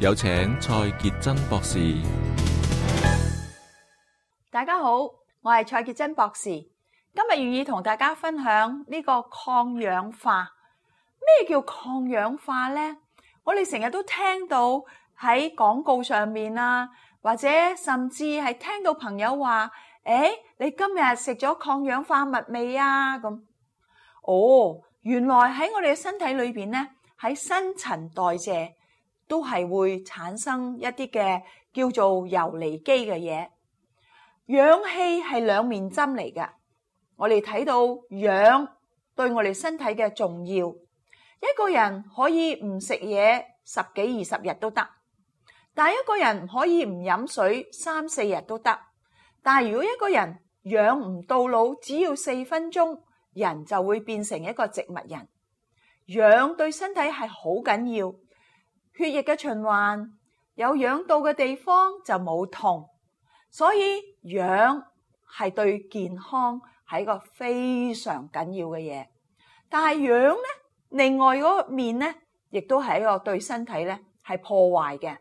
有請蔡潔珍博士。大家好，我係蔡潔珍博士。今日願意同大家分享呢個抗氧化。咩叫抗氧化呢？我哋成日都聽到喺廣告上面啊，或者甚至係聽到朋友話，誒、哎，你今日食咗抗氧化物未啊？咁哦，原來喺我哋嘅身體裏邊咧，喺新陳代謝。都係會產生一啲嘅叫做游離基嘅嘢。氧氣係兩面針嚟嘅，我哋睇到氧對我哋身體嘅重要。一個人可以唔食嘢十幾二十日都得，但係一個人可以唔飲水三四日都得。但係如果一個人氧唔到腦，只要四分鐘，人就會變成一個植物人。氧對身體係好緊要。血液嘅循環，有氧到嘅地方就冇痛，所以氧係對健康係一個非常緊要嘅嘢。但係氧呢，另外嗰個面呢，亦都係一個對身體呢係破壞嘅。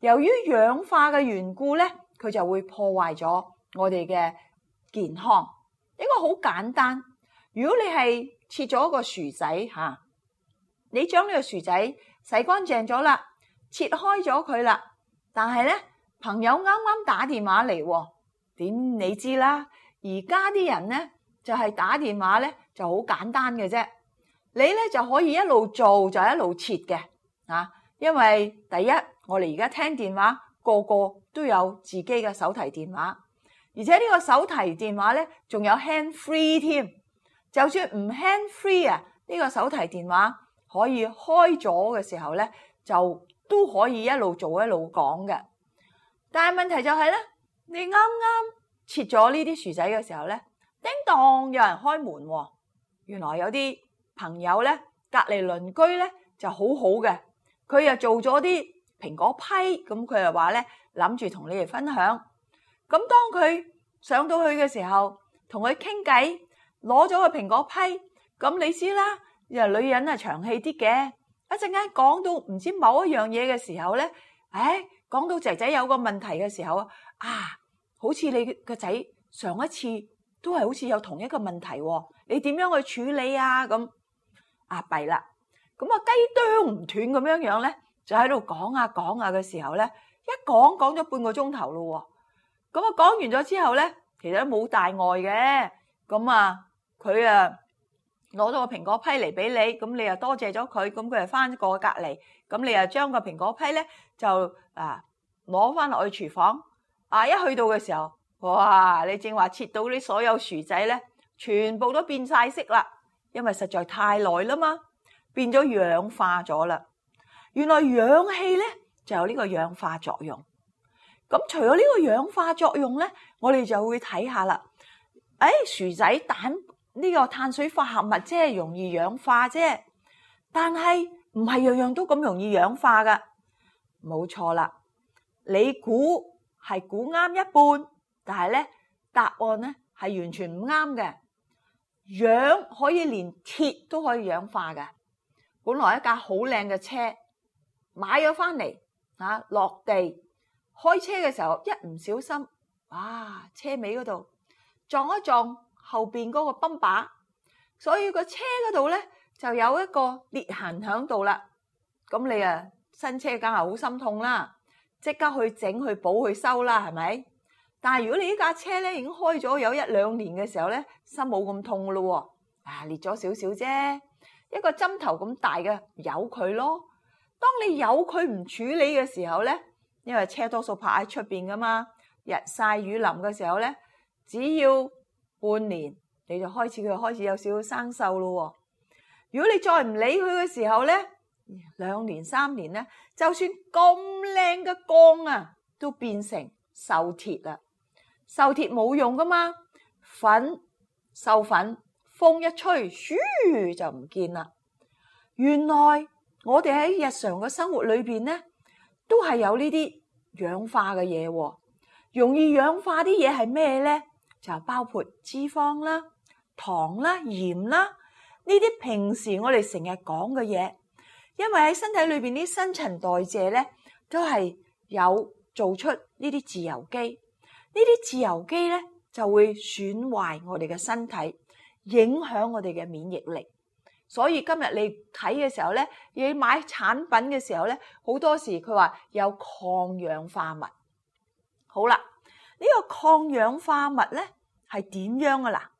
由於氧化嘅緣故呢，佢就會破壞咗我哋嘅健康。應該好簡單，如果你係切咗個薯仔吓，你將呢個薯仔。洗乾淨咗啦，切開咗佢啦。但係咧，朋友啱啱打電話嚟，點你知啦？而家啲人咧就係打電話咧就好簡單嘅啫。你咧就可以一路做就一路切嘅啊，因為第一我哋而家聽電話個個都有自己嘅手提電話，而且呢個手提電話咧仲有 hand free 添。就算唔 hand free 啊，呢個手提電話。可以開咗嘅時候呢，就都可以一路做一路講嘅。但係問題就係呢，你啱啱切咗呢啲薯仔嘅時候呢，叮當有人開門喎，原來有啲朋友呢，隔籬鄰居呢就好好嘅，佢又做咗啲蘋果批，咁佢又話呢諗住同你哋分享。咁當佢上到去嘅時候，同佢傾偈，攞咗個蘋果批，咁你知啦。因為女人啊，長氣啲嘅。一陣間講到唔知某一樣嘢嘅時候咧，誒講到仔仔有個問題嘅時候啊，啊，好似你個仔上一次都係好似有同一個問題喎，你點樣去處理啊？咁，啊弊啦。咁啊雞啄唔斷咁樣樣咧，就喺度講啊講啊嘅時候咧，一講講咗半個鐘頭咯。咁啊講完咗之後咧，其實都冇大礙嘅。咁啊佢啊～攞咗個蘋果批嚟俾你，咁你又多謝咗佢，咁佢又翻過隔籬，咁你又將個蘋果批咧就啊攞翻落去廚房，啊一去到嘅時候，哇！你正話切到啲所有薯仔咧，全部都變晒色啦，因為實在太耐啦嘛，變咗氧化咗啦。原來氧氣咧就有呢個氧化作用。咁除咗呢個氧化作用咧，我哋就會睇下啦。誒，薯仔蛋。呢、這個碳水化合物即係，容易氧化啫。但係唔係樣樣都咁容易氧化噶，冇錯啦。你估係估啱一半，但係咧答案咧係完全唔啱嘅。氧可以連鐵都可以氧化嘅。本來一架好靚嘅車買咗翻嚟落地，開車嘅時候一唔小心，哇！車尾嗰度撞一撞。後邊嗰個泵把，所以個車嗰度咧就有一個裂痕喺度啦。咁你啊新車梗係好心痛啦，即刻去整去補去修啦，係咪？但係如果你呢架車咧已經開咗有一兩年嘅時候咧，心冇咁痛咯喎。啊裂咗少少啫，一個針頭咁大嘅，由佢咯。當你由佢唔處理嘅時候咧，因為車多數泊喺出邊噶嘛，日晒雨淋嘅時候咧，只要。半年你就開始，佢開始有少少生銹咯。如果你再唔理佢嘅時候咧，兩年三年咧，就算咁靚嘅鋼啊，都變成銹鐵啦。銹鐵冇用噶嘛，粉銹粉，風一吹，噓就唔見啦。原來我哋喺日常嘅生活裏邊咧，都係有呢啲氧化嘅嘢，容易氧化啲嘢係咩咧？就包括脂肪啦、糖啦、鹽啦，呢啲平時我哋成日講嘅嘢，因為喺身體裏邊啲新陳代謝咧，都係有做出呢啲自由基，呢啲自由基咧就會損壞我哋嘅身體，影響我哋嘅免疫力。所以今日你睇嘅時候咧，你買產品嘅時候咧，好多時佢話有抗氧化物。好啦。呢個抗氧化物咧係點樣噶啦？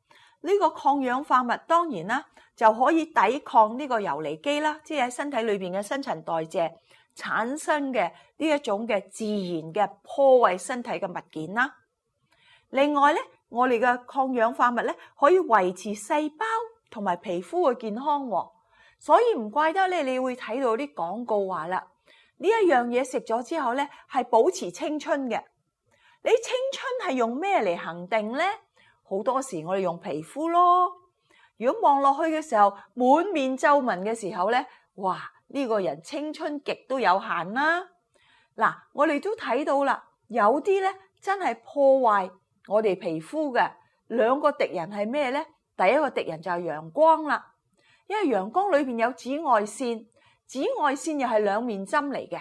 呢個抗氧化物當然啦就可以抵抗呢個游離基啦，即係喺身體裏邊嘅新陳代謝產生嘅呢一種嘅自然嘅破壞身體嘅物件啦。另外咧，我哋嘅抗氧化物咧可以維持細胞同埋皮膚嘅健康，所以唔怪得咧，你會睇到啲廣告話啦，呢一樣嘢食咗之後咧係保持青春嘅。你青春係用咩嚟恆定呢？好多時我哋用皮膚咯。如果望落去嘅時候，滿面皺紋嘅時候呢，哇！呢個人青春極都有限啦。嗱，我哋都睇到啦，有啲呢真係破壞我哋皮膚嘅兩個敵人係咩呢？第一個敵人就係陽光啦，因為陽光裏邊有紫外線，紫外線又係兩面針嚟嘅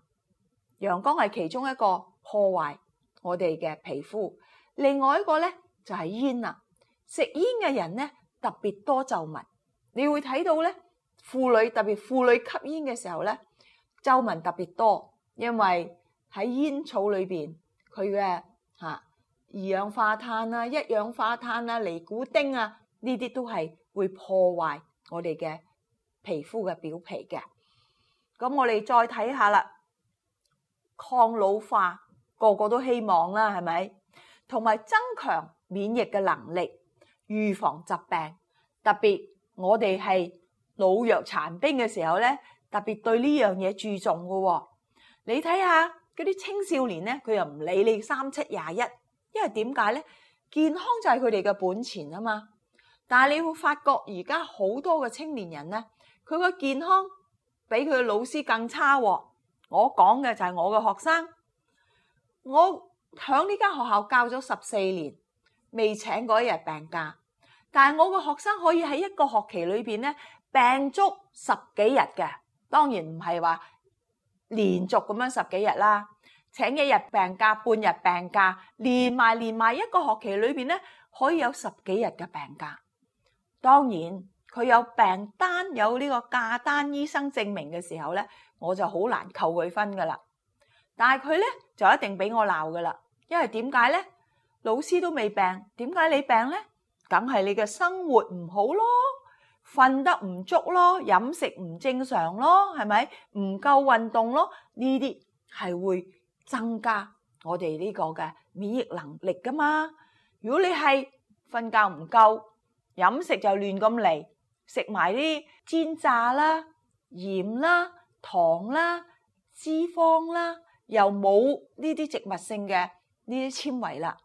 陽光係其中一個破壞我哋嘅皮膚，另外一個咧就係煙啦。食煙嘅人咧特別多皺紋，你會睇到咧婦女特別婦女吸煙嘅時候咧皺紋特別多，因為喺煙草裏邊佢嘅嚇二氧化碳啊、一氧化碳啊、尼古丁啊呢啲都係會破壞我哋嘅皮膚嘅表皮嘅。咁我哋再睇下啦。抗老化，個個都希望啦，係咪？同埋增強免疫嘅能力，預防疾病。特別我哋係老弱殘兵嘅時候咧，特別對呢樣嘢注重嘅喎。你睇下嗰啲青少年咧，佢又唔理你三七廿一，因為點解咧？健康就係佢哋嘅本錢啊嘛。但係你會發覺而家好多嘅青年人咧，佢個健康比佢老師更差喎。我講嘅就係我嘅學生，我響呢間學校教咗十四年，未請過一日病假。但係我嘅學生可以喺一個學期裏邊咧病足十幾日嘅，當然唔係話連續咁樣十幾日啦，請一日病假、半日病假，連埋連埋一個學期裏邊咧可以有十幾日嘅病假。當然佢有病單、有呢個假單、醫生證明嘅時候咧。我就好難扣佢分噶啦，但係佢咧就一定俾我鬧噶啦，因為點解咧？老師都未病，點解你病咧？梗係你嘅生活唔好咯，瞓得唔足咯，飲食唔正常咯，係咪？唔夠運動咯，呢啲係會增加我哋呢個嘅免疫能力噶嘛？如果你係瞓覺唔夠，飲食就亂咁嚟，食埋啲煎炸啦、鹽啦。糖啦、脂肪啦，又冇呢啲植物性嘅呢啲纖維啦。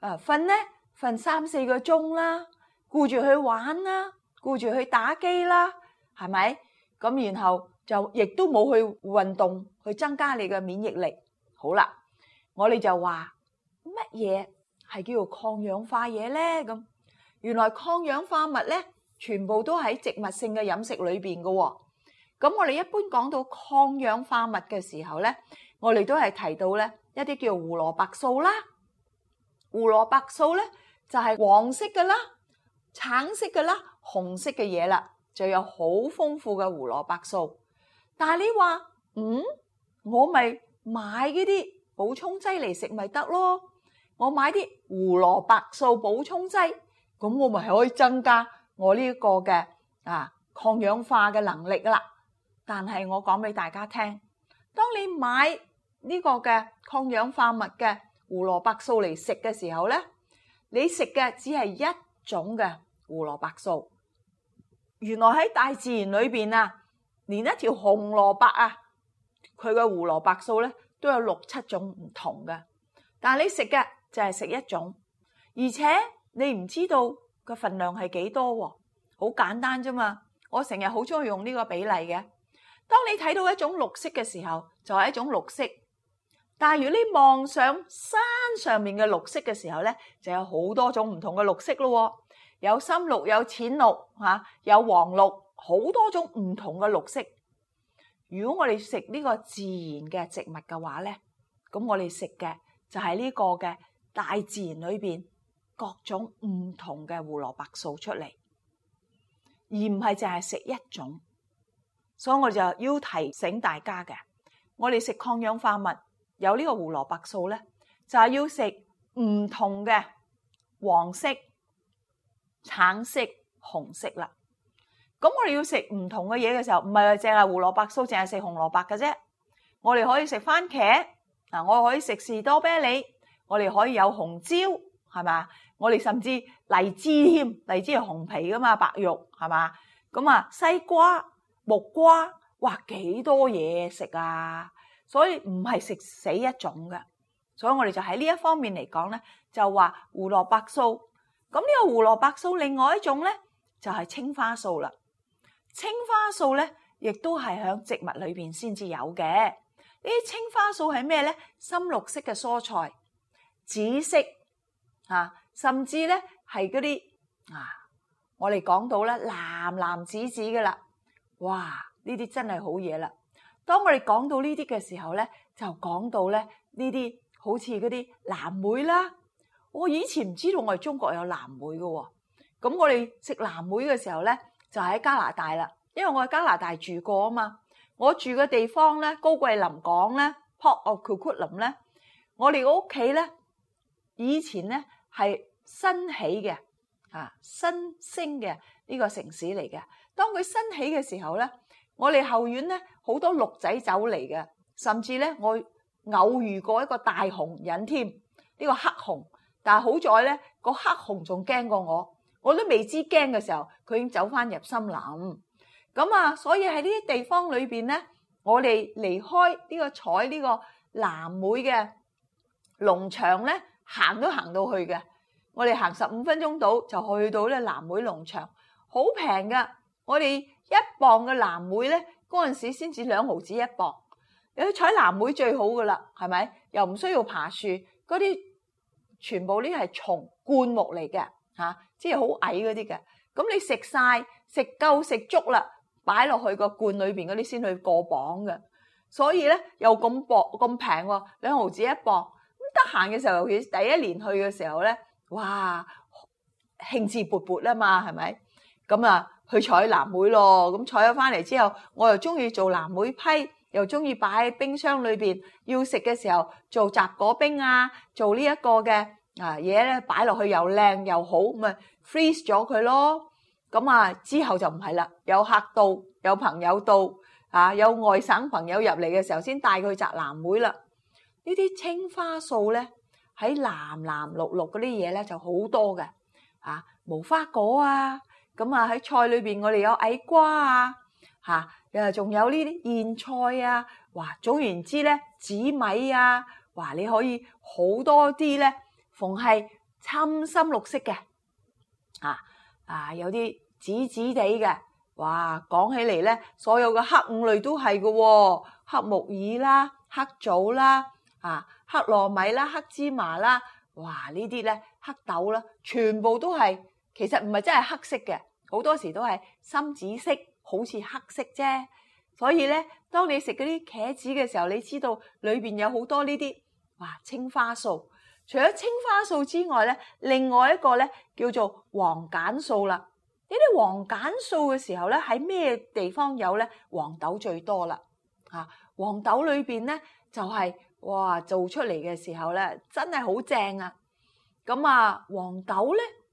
啊，瞓咧瞓三四個鐘啦，顧住去玩啦，顧住去打機啦，係咪？咁然後就亦都冇去運動，去增加你嘅免疫力。好啦，我哋就話乜嘢係叫做抗氧化嘢咧？咁原來抗氧化物咧，全部都喺植物性嘅飲食裏邊嘅。咁我哋一般講到抗氧化物嘅時候咧，我哋都係提到咧一啲叫胡蘿蔔素啦。胡蘿蔔素咧就係黃色嘅啦、橙色嘅啦、紅色嘅嘢啦，就有好豐富嘅胡蘿蔔素。但係你話，嗯，我咪買呢啲補充劑嚟食咪得咯？我買啲胡蘿蔔素補充劑，咁我咪係可以增加我呢一個嘅啊抗氧化嘅能力㗎啦。但係我講俾大家聽，當你買呢個嘅抗氧化物嘅胡蘿蔔素嚟食嘅時候呢，你食嘅只係一種嘅胡蘿蔔素。原來喺大自然裏邊啊，連一條紅蘿蔔啊，佢嘅胡蘿蔔素呢都有六七種唔同嘅。但係你食嘅就係食一種，而且你唔知道個份量係幾多。好簡單啫嘛，我成日好中意用呢個比例嘅。當你睇到一種綠色嘅時候，就係一種綠色。但如果你望上山上面嘅綠色嘅時候咧，就有好多種唔同嘅綠色咯。有深綠、有淺綠，吓有黃綠，好多種唔同嘅綠色。如果我哋食呢個自然嘅植物嘅話咧，咁我哋食嘅就係呢個嘅大自然裏邊各種唔同嘅胡蘿蔔素出嚟，而唔係淨係食一種。所以我就要提醒大家嘅，我哋食抗氧化物有呢個胡蘿蔔素咧，就係要食唔同嘅黃色、橙色、紅色啦。咁我哋要食唔同嘅嘢嘅時候，唔係淨係胡蘿蔔素，淨係食紅蘿蔔㗎啫。我哋可以食番茄，嗱，我可以食士多啤梨，我哋可以有紅椒，係嘛？我哋甚至荔枝添，荔枝係紅皮㗎嘛，白肉係嘛？咁啊，西瓜，木瓜，哇！幾多嘢食啊！所以唔係食死一種嘅，所以我哋就喺呢一方面嚟講咧，就話胡蘿蔔素。咁呢個胡蘿蔔素，另外一種咧就係青花素啦。青花素咧，亦都係喺植物裏邊先至有嘅。呢啲青花素係咩咧？深綠色嘅蔬菜，紫色啊，甚至咧係嗰啲啊，我哋講到咧藍藍紫紫噶啦。哇！呢啲真係好嘢啦。當我哋講到呢啲嘅時候咧，就講到咧呢啲好似嗰啲藍莓啦。我以前唔知道我哋中國有藍莓嘅喎。咁我哋食藍莓嘅時候咧，就喺加拿大啦，因為我喺加拿大住過啊嘛。我住嘅地方咧，高貴林港咧，Port Coquitlam 咧，我哋個屋企咧，以前咧係新起嘅啊，新升嘅呢個城市嚟嘅。當佢新起嘅時候咧，我哋後院咧好多鹿仔走嚟嘅，甚至咧我偶遇過一個大熊人添，呢個黑熊。但係好在咧，個黑熊仲驚過我，我都未知驚嘅時候，佢已經走翻入森林。咁啊，所以喺呢啲地方裏邊咧，我哋離開呢個採呢個藍莓嘅農場咧，行都行到去嘅。我哋行十五分鐘到就去到咧藍莓農場，好平噶。我哋一磅嘅藍莓咧，嗰陣時先至兩毫子一磅。你去採藍莓最好噶啦，係咪？又唔需要爬樹，嗰啲全部呢係叢灌木嚟嘅。吓、啊，即係好矮嗰啲嘅。咁你食晒食夠食足啦，擺落去個罐裏邊嗰啲先去過磅嘅。所以咧又咁薄咁平，兩毫子一磅。咁得閒嘅時候，尤其第一年去嘅時候咧，哇，興致勃勃啦嘛，係咪？咁啊～佢採藍莓咯，咁採咗翻嚟之後，我又中意做藍莓批，又中意擺喺冰箱裏邊。要食嘅時候做雜果冰啊，做呢一個嘅啊嘢咧擺落去又靚又好，咪 freeze 咗佢咯。咁啊之後就唔係啦，有客到有朋友到啊，有外省朋友入嚟嘅時候先帶佢去摘藍莓啦。呢啲青花素咧，喺藍藍綠綠嗰啲嘢咧就好多嘅啊，無花果啊。咁啊喺菜裏面，我哋有矮瓜啊，嚇，誒仲有呢啲燕菜啊，哇！總言之咧，紫米啊，哇！你可以好多啲咧，逢係深深綠色嘅，啊啊有啲紫紫地嘅，哇！講起嚟咧，所有嘅黑五類都係嘅喎，黑木耳啦、黑棗啦、啊黑糯米啦、黑芝麻啦，哇！呢啲咧黑豆啦，全部都係。其實唔係真係黑色嘅，好多時都係深紫色，好似黑色啫。所以咧，當你食嗰啲茄子嘅時候，你知道裏邊有好多呢啲，哇，青花素。除咗青花素之外咧，另外一個咧叫做黃鹼素啦。呢啲黃鹼素嘅時候咧，喺咩地方有咧？黃豆最多啦。啊，黃豆裏邊咧就係哇，做出嚟嘅時候咧，真係好正啊！咁啊，黃豆咧。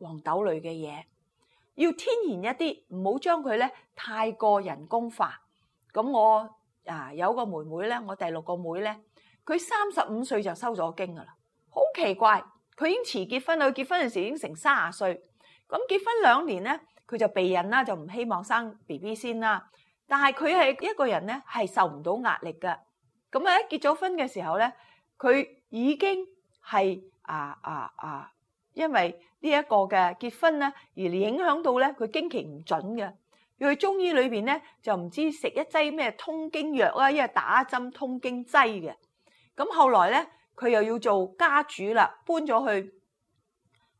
黃豆類嘅嘢，要天然一啲，唔好將佢咧太過人工化。咁我啊有一個妹妹咧，我第六個妹咧，佢三十五歲就收咗經噶啦，好奇怪！佢已經遲結婚啦，佢結婚嘅時候已經成卅歲，咁結婚兩年咧，佢就避孕啦，就唔希望生 B B 先啦。但係佢係一個人咧，係受唔到壓力噶。咁啊，一結咗婚嘅時候咧，佢已經係啊啊啊！因為呢一個嘅結婚咧，而影響到咧佢經期唔準嘅。要去中醫裏邊咧，就唔知食一劑咩通經藥啦，因為打針通經劑嘅。咁後來咧，佢又要做家主啦，搬咗去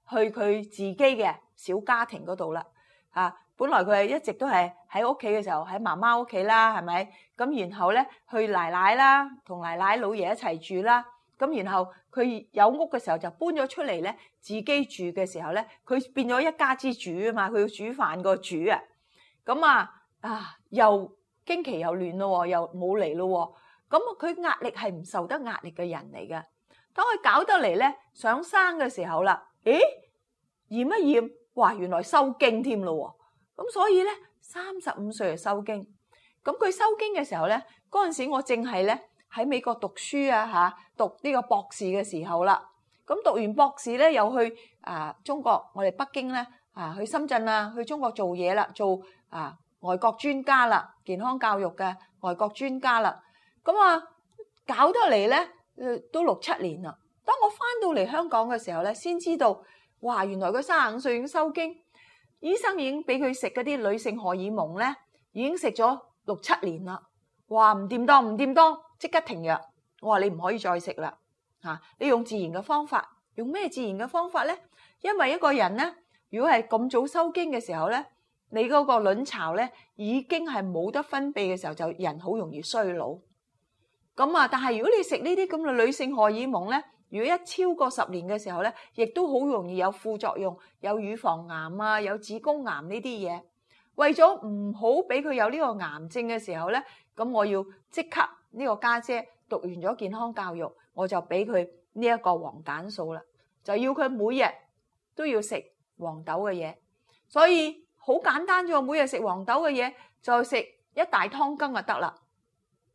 去佢自己嘅小家庭嗰度啦。啊，本來佢係一直都係喺屋企嘅時候喺媽媽屋企啦，係咪？咁然後咧去奶奶啦，同奶奶老爺一齊住啦。咁然後佢有屋嘅時候就搬咗出嚟咧，自己住嘅時候咧，佢變咗一家之主啊嘛，佢要煮飯個煮啊。咁啊啊又經期又亂咯，又冇嚟咯。咁佢壓力係唔受得壓力嘅人嚟嘅。當佢搞得嚟咧，想生嘅時候啦，咦？驗一驗，哇！原來收經添咯。咁所以咧，三十五歲就收經。咁佢收經嘅時候咧，嗰陣時我正係咧。喺美國讀書啊！嚇，讀呢個博士嘅時候啦，咁讀完博士咧，又去啊中國，我哋北京咧啊，去深圳啊，去中國做嘢啦，做啊外國專家啦，健康教育嘅外國專家啦。咁啊，搞得嚟咧，都六七年啦。當我翻到嚟香港嘅時候咧，先知道哇，原來佢三十五歲已經收經，醫生已經俾佢食嗰啲女性荷爾蒙咧，已經食咗六七年啦。哇，唔掂當，唔掂當！即刻停藥，我話你唔可以再食啦吓。你用自然嘅方法，用咩自然嘅方法呢？因為一個人呢，如果係咁早收經嘅時候呢，你嗰個卵巢呢已經係冇得分泌嘅時候，就人好容易衰老。咁啊，但係如果你食呢啲咁嘅女性荷爾蒙呢，如果一超過十年嘅時候呢，亦都好容易有副作用，有乳房癌啊，有子宮癌呢啲嘢。為咗唔好俾佢有呢個癌症嘅時候呢，咁我要即刻。呢個家姐讀完咗健康教育，我就俾佢呢一個黃膽素啦，就要佢每日都要食黃豆嘅嘢，所以好簡單咋，每日食黃豆嘅嘢就食一大湯羹就得啦，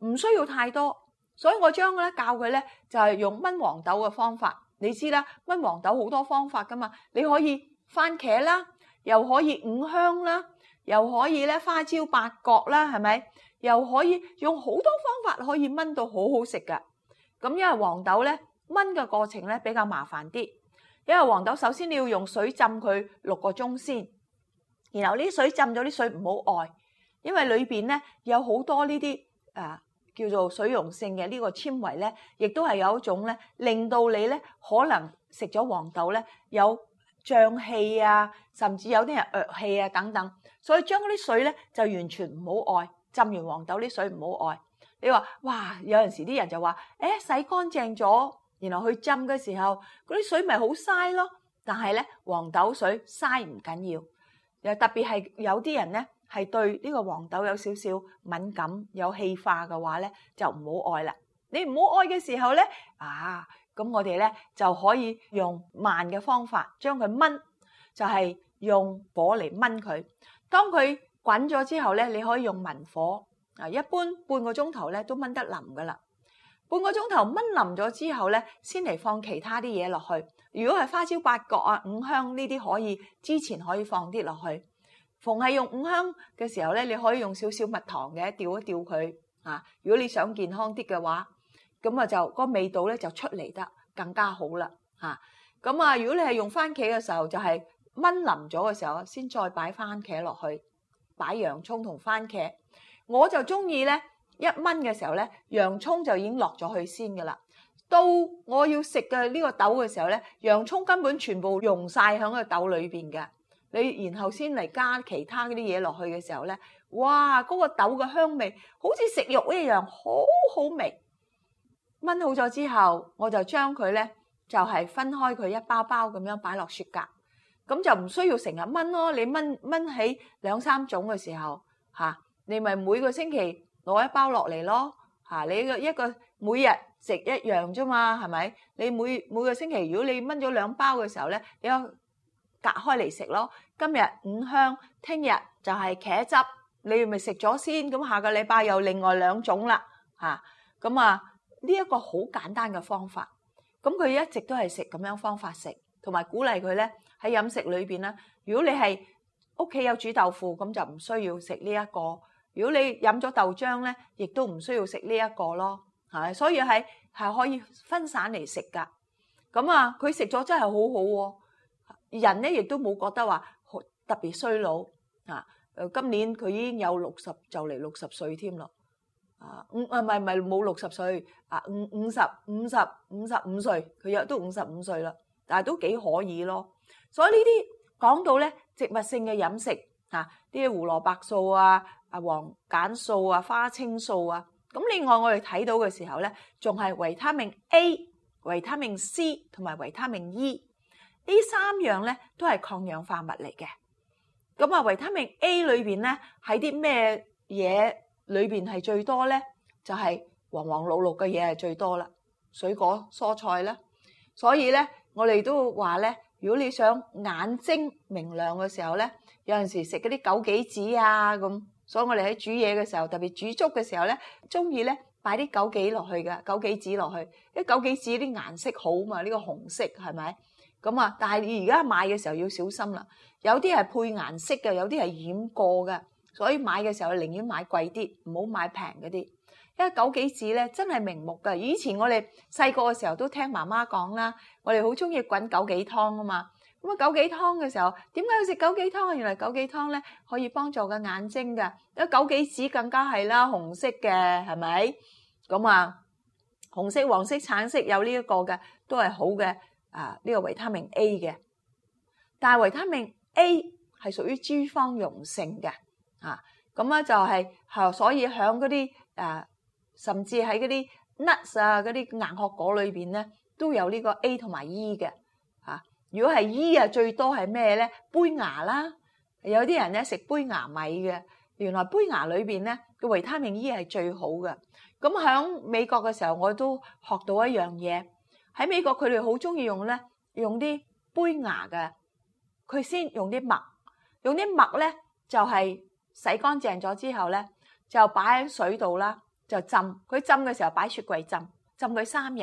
唔需要太多。所以我將咧教佢咧就係用炆黃豆嘅方法，你知啦，炆黃豆好多方法噶嘛，你可以番茄啦，又可以五香啦，又可以咧花椒八角啦，係咪？又可以用好多方法可以炆到好好食嘅，咁因為黃豆咧炆嘅過程咧比較麻煩啲，因為黃豆首先你要用水浸佢六個鐘先，然後呢水浸咗啲水唔好外，因為裏邊咧有好多呢啲啊叫做水溶性嘅呢個纖維咧，亦都係有一種咧令到你咧可能食咗黃豆咧有脹氣啊，甚至有啲人惡氣啊等等，所以將嗰啲水咧就完全唔好外。浸完黃豆啲水唔好愛，你話哇有陣時啲人就話，誒洗乾淨咗，然後去浸嘅時候，嗰啲水咪好嘥咯。但係咧，黃豆水嘥唔緊要，又特別係有啲人咧係對呢個黃豆有少少敏感，有氣化嘅話咧就唔好愛啦。你唔好愛嘅時候咧，啊咁我哋咧就可以用慢嘅方法將佢炆，就係用火嚟炆佢，當佢。滾咗之後咧，你可以用文火啊，一般半個鐘頭咧都炆得腍噶啦。半個鐘頭炆腍咗之後咧，先嚟放其他啲嘢落去。如果係花椒八角啊、五香呢啲，可以之前可以放啲落去。逢係用五香嘅時候咧，你可以用少少蜜糖嘅調一調佢啊。如果你想健康啲嘅話，咁啊就個味道咧就出嚟得更加好啦嚇。咁啊，啊，如果你係用番茄嘅時候，就係炆腍咗嘅時候先再擺番茄落去。擺洋葱同番茄，我就中意咧一炆嘅時候咧，洋葱就已經落咗去先噶啦。到我要食嘅呢個豆嘅時候咧，洋葱根本全部溶晒喺個豆裏面嘅。你然後先嚟加其他啲嘢落去嘅時候咧，哇！嗰個豆嘅香味好似食肉一樣，好好味。炆好咗之後，我就將佢咧就係分開佢一包包咁樣擺落雪格。咁就唔需要成日炆咯，你炆炆起兩三種嘅時候，嚇你咪每個星期攞一包落嚟咯，嚇你一個每日食一樣啫嘛，係咪？你每每個星期如果你炆咗兩包嘅時候咧，你隔開嚟食咯，今日五香，聽日就係茄汁，你咪食咗先，咁下個禮拜有另外兩種啦，嚇！咁啊呢一個好簡單嘅方法，咁佢一直都係食咁樣方法食，同埋鼓勵佢咧。喺飲食裏邊咧，如果你係屋企有煮豆腐，咁就唔需要食呢一個；如果你飲咗豆漿咧，亦都唔需要食呢一個咯，係咪？所以係係可以分散嚟食噶。咁啊，佢食咗真係好好喎，人咧亦都冇覺得話特別衰老啊。誒，今年佢已經有六十就嚟六十歲添啦，啊唔啊唔係唔係冇六十歲啊，五五十五十五十五歲，佢又都五十五歲啦，但係都幾可以咯。所以呢啲講到咧，植物性嘅飲食啊，啲胡蘿蔔素啊、啊黃鹼素啊、花青素啊，咁另外我哋睇到嘅時候咧，仲係維他命 A、維他命 C 同埋維他命 E 呢三樣咧，都係抗氧化物嚟嘅。咁啊，維他命 A 裏邊咧，喺啲咩嘢裏邊係最多咧？就係黃黃綠綠嘅嘢係最多啦，水果蔬菜啦。所以咧，我哋都話咧。如果你想眼睛明亮嘅時候咧，有陣時食嗰啲枸杞子啊咁，所以我哋喺煮嘢嘅時候，特別煮粥嘅時候咧，中意咧擺啲枸杞落去嘅枸杞子落去，因為枸杞子啲顏色好嘛，呢個紅色係咪？咁啊，但係你而家買嘅時候要小心啦，有啲係配顏色嘅，有啲係染過嘅，所以買嘅時候寧願買貴啲，唔好買平嗰啲。因為枸杞子咧真係明目嘅，以前我哋細個嘅時候都聽媽媽講啦。我哋好中意滾枸杞湯啊嘛！咁啊，枸杞湯嘅時候，點解要食枸杞湯啊？原來枸杞湯咧，可以幫助個眼睛㗎。有枸杞子更加係啦，紅色嘅係咪？咁啊，紅色、黃色、橙色有呢一個嘅，都係好嘅啊！呢個維他命 A 嘅，但係維他命 A 係屬於脂肪溶性嘅啊！咁咧就係，係所以喺嗰啲啊，甚至喺嗰啲 nuts 啊，嗰啲硬殼果裏邊咧。都有呢個 A 同埋 E 嘅，吓，如果係 E 啊，最多係咩咧？胚芽啦，有啲人咧食胚芽米嘅。原來胚芽裏邊咧個維他命 E 係最好嘅。咁喺美國嘅時候，我都學到一樣嘢。喺美國佢哋好中意用咧，用啲胚芽嘅，佢先用啲麥，用啲麥咧就係、是、洗乾淨咗之後咧，就擺喺水度啦，就浸。佢浸嘅時候擺雪櫃浸，浸佢三日。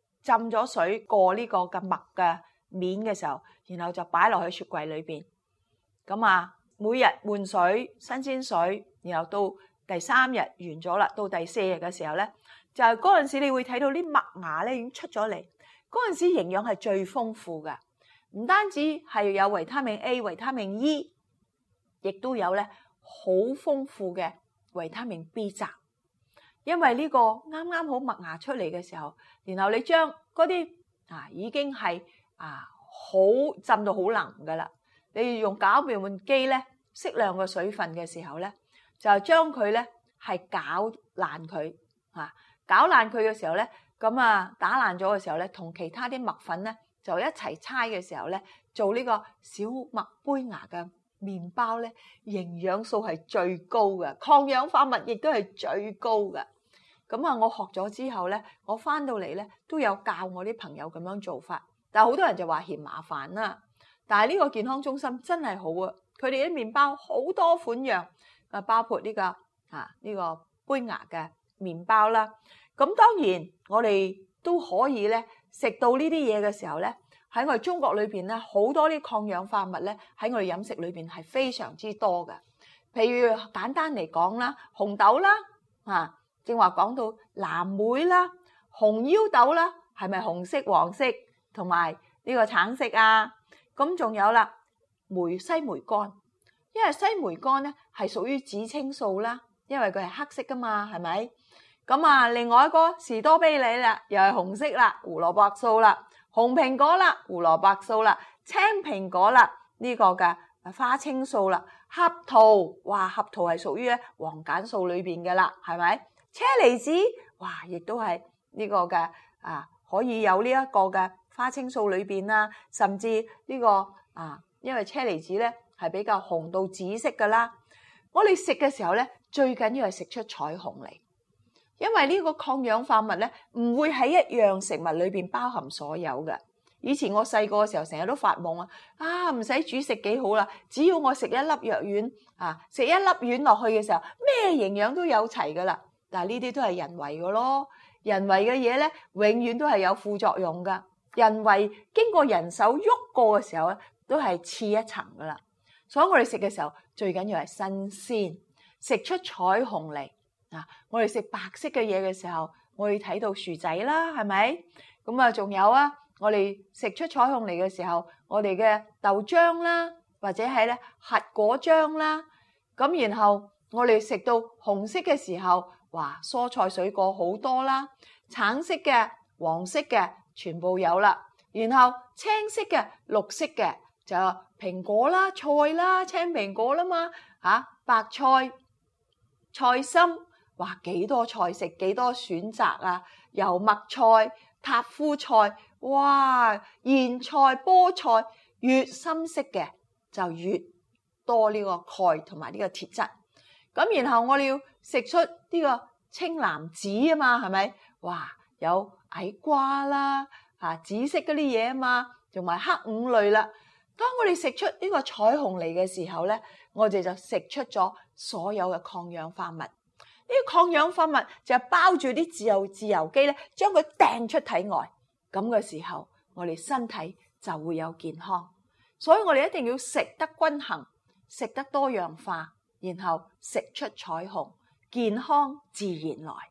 浸咗水，過呢個嘅麥嘅面嘅時候，然後就擺落去雪櫃裏邊。咁啊，每日換水新鮮水，然後到第三日完咗啦，到第四日嘅時候咧，就係嗰陣時你會睇到啲麥芽咧已經出咗嚟。嗰陣時營養係最豐富嘅，唔單止係有維他命 A、維他命 E，亦都有咧好豐富嘅維他命 B 雜。因為呢個啱啱好麥芽出嚟嘅時候，然後你將嗰啲啊已經係啊好浸到好腍㗎喇，你用攪拌機咧適量嘅水分嘅時候咧，就將佢咧係攪爛佢啊，攪爛佢嘅時候咧，咁啊打爛咗嘅時候咧，同其他啲麥粉咧就一齊猜嘅時候咧，做呢個小麥杯牙嘅。麵包咧，營養素係最高嘅，抗氧化物亦都係最高嘅。咁啊，我學咗之後咧，我翻到嚟咧都有教我啲朋友咁樣做法，但係好多人就話嫌麻煩啦。但係呢個健康中心真係好啊，佢哋啲麵包好多款樣，啊包括呢個啊呢個杯牙嘅麵包啦。咁當然我哋都可以咧食到呢啲嘢嘅時候咧。喺我哋中國裏邊咧，好多啲抗氧化物咧，喺我哋飲食裏邊係非常之多嘅。譬如簡單嚟講啦，紅豆啦，啊，正話講到藍莓啦，紅腰豆啦，係咪紅色、黃色同埋呢個橙色啊？咁仲有啦，梅、西梅乾，因為西梅乾咧係屬於紫青素啦，因為佢係黑色噶嘛，係咪？咁啊，另外一個士多啤梨啦，又係紅色啦，胡蘿蔔素啦。紅蘋果啦，胡蘿蔔素啦，青蘋果啦，呢個嘅花青素啦，合桃，哇，合桃係屬於咧黃鹼素裏邊嘅啦，係咪？車厘子，哇，亦都係呢個嘅啊，可以有呢一個嘅花青素裏邊啦，甚至呢個啊，因為車厘子咧係比較紅到紫色噶啦，我哋食嘅時候咧最緊要係食出彩虹嚟。因為呢個抗氧化物咧，唔會喺一樣食物裏邊包含所有嘅。以前我細個嘅時候，成日都發夢啊，啊唔使煮食幾好啦，只要我食一粒藥丸，啊食一粒丸落去嘅時候，咩營養都有齊噶啦。但係呢啲都係人為嘅咯，人為嘅嘢咧，永遠都係有副作用噶。人為經過人手喐過嘅時候咧，都係次一層噶啦。所以我哋食嘅時候，最緊要係新鮮，食出彩虹嚟。嗱，我哋食白色嘅嘢嘅時候，我哋睇到薯仔啦，係咪？咁啊，仲有啊，我哋食出彩虹嚟嘅時候，我哋嘅豆漿啦，或者係呢核果漿啦。咁然後我哋食到紅色嘅時候，哇！蔬菜水果好多啦，橙色嘅、黃色嘅全部有啦。然後青色嘅、綠色嘅就蘋果啦、菜啦、青蘋果啦嘛，嚇白菜、菜心。哇！幾多菜食幾多選擇啊？油麥菜、塔夫菜，哇！鹽菜、菠菜，越深色嘅就越多呢個鈣同埋呢個鐵質。咁然後我哋要食出呢個青藍紫啊嘛，係咪？哇！有矮瓜啦，紫色嗰啲嘢啊嘛，同埋黑五類啦。當我哋食出呢個彩虹嚟嘅時候咧，我哋就食出咗所有嘅抗氧化物。啲抗氧化物就包住啲自由自由基咧，將佢掟出體外，咁嘅時候我哋身體就會有健康，所以我哋一定要食得均衡，食得多樣化，然後食出彩虹，健康自然來。